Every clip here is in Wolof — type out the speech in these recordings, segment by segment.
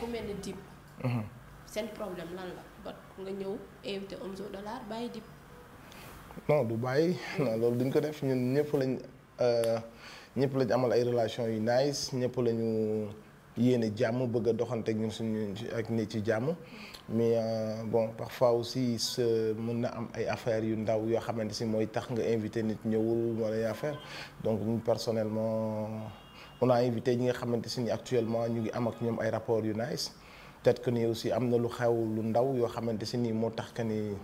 ku mel ni Dip mhm. seen problème lan la ba nga ñëw invité Omzo Dollar bàyyi Dip non du bàyyi mm. loolu duñ ko def ñun ñëpp lañ euh, ñëpp lañ amal ay relation yu nice ñëpp lañu yéene jàmm bëgg a doxante ak ñun suñu ak nit ci jàmm mm. mais euh, bon parfois aussi sa mën na am ay affaires yu ndaw yoo xamante si mooy tax nga invité nit ñëwul wala ay affaire donc ñun personnellement on a invité ñi nga xamante ni actuellement ñu ngi am ak ñoom ay rapport yu nice peut-être que ni aussi am na lu xew lu ndaw yoo xamante si nii moo tax que ni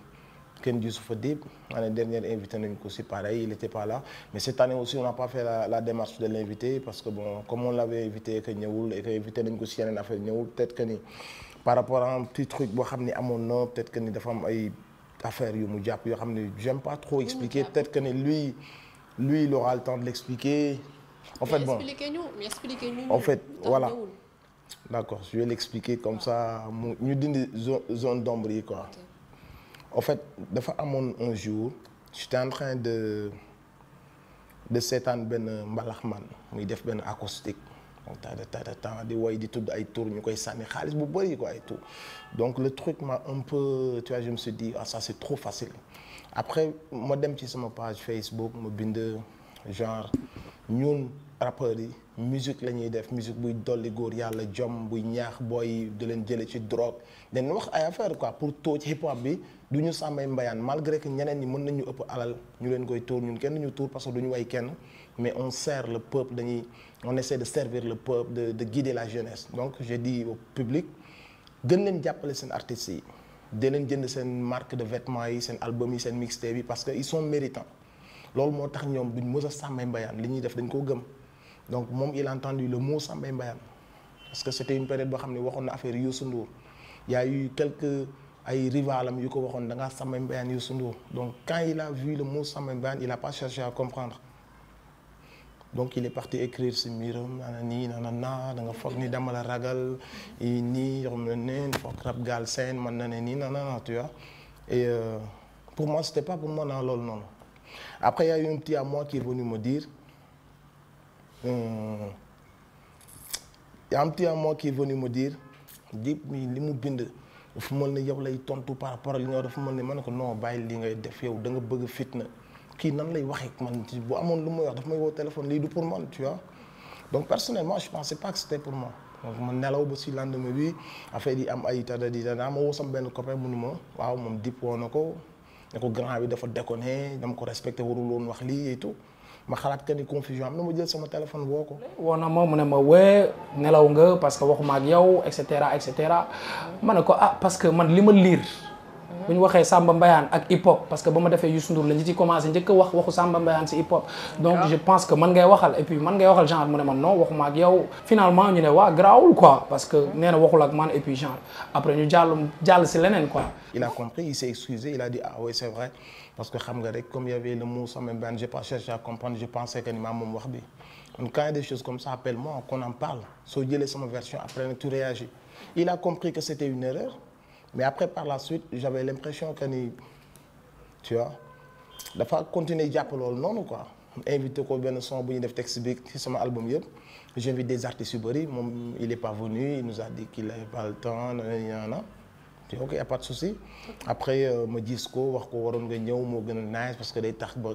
kenn Youssoufa Dib année dernière invité nañ ko si pareil il était pas là mais cette année aussi on n'a pas fait la, la démarche de l'inviter parce que bon comme on l'avait invité que ñëwul et que invité nañ ko si yeneen affaire ñëwul peut-être ni par rapport à un petit boo xam ni amoon na peut-être que ni dafa am ay affaires yu mu jàpp yoo xam ne j'aime pas trop expliquer peut-être que ni lui lui il en fait bon mais expliquez ñu en fait voilà d'accord je vais l'expliquer comme ça mu ñu dindi zone d'ombre yi quoi en fait dafa amoon un jour j'étais en train de de seetaan benn mbalax man muy def benn acoustique donc ta ta ta di woy di tudd ay tour ñu koy sànni xaalis bu bëri quoi ay tour donc le truc m'a un peu tu vois je me suis dit ah ça c'est trop facile après ma dem ci sama page Facebook ma bind genre ñun rappeurs yi musique la ñuy def musique buy dolli góor yàlla jom buy ñaax booy du leen jële ci drogue dañ wax ay affaire quoi pour tóo ci hip hop bi du ñu sàmmay mbayaan malgré que ñeneen ñi mën nañu ëpp alal ñu leen koy tóor ñun kenn ñu tóor parce que du ñu way kenn mais on sert le peuple dañuy on essaie de servir le peuple de de la jeunesse donc je dis au public gën leen jàppale seen artistes yi di leen jënd seen marque de vêtements yi seen album yi seen parce que ils sont loolu moo tax ñoom duñ mës a sàmmay mbayaan li ñuy def dañ koo gëm donc moom il a entendu le mot sàmmay mbayaan parce que c'était une période boo xam ne waxoon na affaire Youssou Ndour y a eu quelques ay yu ko waxoon da ngaa sàmmay mbayaan Youssou Ndour donc quand il a vu le mot sàmmay mbayaan il a pas cherché à comprendre donc il est parti écrire si mbiram nana nii naa da nga foog ni dama ragal nii na ne foog rab gaal seen man na ne nii nana naa tu vois et euh, pour moi c'était pas naa loolu noonu Après, il y a eu qui est venu me dire. Hum, euh, il y a un petit à qui est venu me Dip mi li mu bind dafa mel ne yow lay tontu par rapport ak li nga dafa mel ne ma ne ko non bàyyi li ngay def yow da nga bëgg fitna kii nan lay waxee ak man bu amoon lu ma wax dafa ma woo téléphone lii du pour man tu vois. donc personnellement je pensais pas que pour moi donc ma nelaw ba si lendemain bi affaire yi am ay tada di tada ma woo sama benn copain mu ma waaw moom Dip woo na ko. ne ko grand bi dafa déconné dama ko respecté warul woon wax lii et tout ma xalaat que ni confusion am na ma jël sama téléphone woo ko. woo na ma mu ne ma wee nelaw nga parce que waxuma ak yow et cetera et cetera ma ne ko ah parce que man li ma liir. bu ñu waxee Samba Mbayaan ak hip hop parce que ba ma defee Youssou Ndour la ñu ci commencé a wax waxu Samba Mbayaan si hip hop donc je pense que man ngay waxal et man ngay waxal genre mu ne man non waxuma ak yow finalement ñu ne waa grawul quoi parce que nee na waxul man et puis après ñu jàll jàll si leneen quoi il a compris il s'est excusé il a dit ah oui c'est vrai parce que xam nga rek comme il y avait le mot Mbayaan j'ai pas cherché a des choses comme ça appelle-moi qu'on mais aprè par la suite j'avais l'impression que ni tu vois dafa continuer jàpp loolu noonu quoi invité ko benn son bu ñu def texte bi ci sama album yëpp j'invite des artistes yu bëri moom il est pas venu il nous a dit qu'il avait pas le temps nanana te ok y a pas de souci aprè euh, ma gis ko wax ko waroon nga ñëw moo gën a nice parce que day tax ba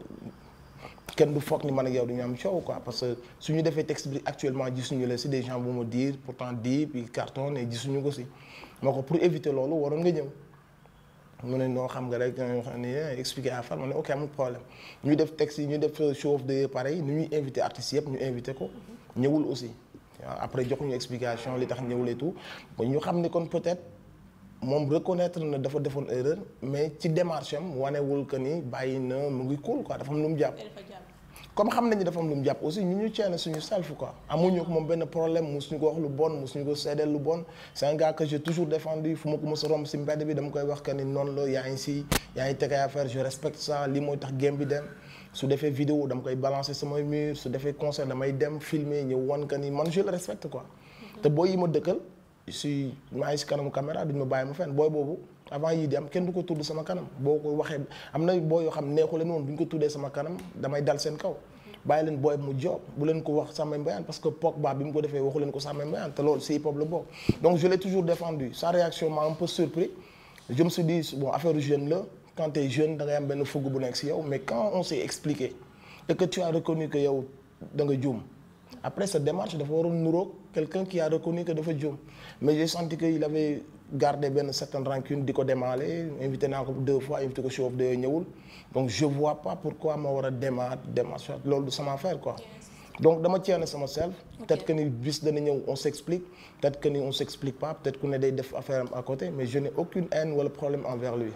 kenn du foog ni man ak yow du ñu am coow quoi parce que su ñu defee texte bi actuellement gisuñu la si des gens vont me dire pourtant di puis carton et gisuñu ko si moo ko pour éviter loolu waroon nga ñëw mu ne noo xam nga rek euh, xam ne euh, expliqué à Fall ma ne ok amul problème ñu def texte yi ñu def show of de pareil nu ñu invité artistes yëpp ñu invité ko ñëwul aussi waaw après joxuñu explication li tax ñëwul et tout ba ñu xam ne kon peut-être moom reconnaître na dafa defoon erreur mais ci démarche am wanewul que ni bàyyi na mu ngi cool quoi dafa mu jàpp comme xam nañu dafa am jàpp aussi ñu ñu ceene suñu self quoi amuñu ko moom benn problème musuñu ko wax lu bon musuñu ko seedeel lu bon c'est un gars que j'ai toujours défendu fu ma ko mos a romb si mbedd bi dama koy wax que ni noonu la yaa ngi yaa ngi affaire je respecte ça lii mooy tax game bi dem su defee vidéo dama koy balancer samay mur su defee concert damay dem filmer ñëw wan que ni man je le respecte ko te boo yi ma dëkkal si maa ngi si kanamu caméra duñ ma bàyyi ma fenn booy boobu avant yii di am kenn du ko tudd sama kanam boo ko waxee am na boo yoo xam neexu leen woon bu ñu ko tuddee sama kanam damay dal seen kaw bàyyi leen booy mu job bu leen ko wax Samba Mbayaan parce que Pogba bi mu ko defee waxu leen ko Samba Mbayaan te loolu si hip-hop la bokk donc je l'ai toujours défendu sa réaction m'a un peu surpris je me suis dit bon affaire jeune la quand t'es jeune da ngay am benn fugg bu nekk si yow mais quand on s'est expliqué et nga juum après sa démarche dafa waroon nuroog quelqu'un qui a reconnu que dafa juum mais j'ai senti que il avait gardé benn certaine rancune di ko démêler invité naa ko deux fois invité ko si woof day ñëwul donc je vois pas pourquoi ma war a déma démarche loolu du sama affaire quoi donc dama ceene sama self peut-être ni bis dana ñëw on s'explique peut-être ni on s'explique pas peut-être ne day def affaire am côté mais je n'ai aucune haine wala problème en lui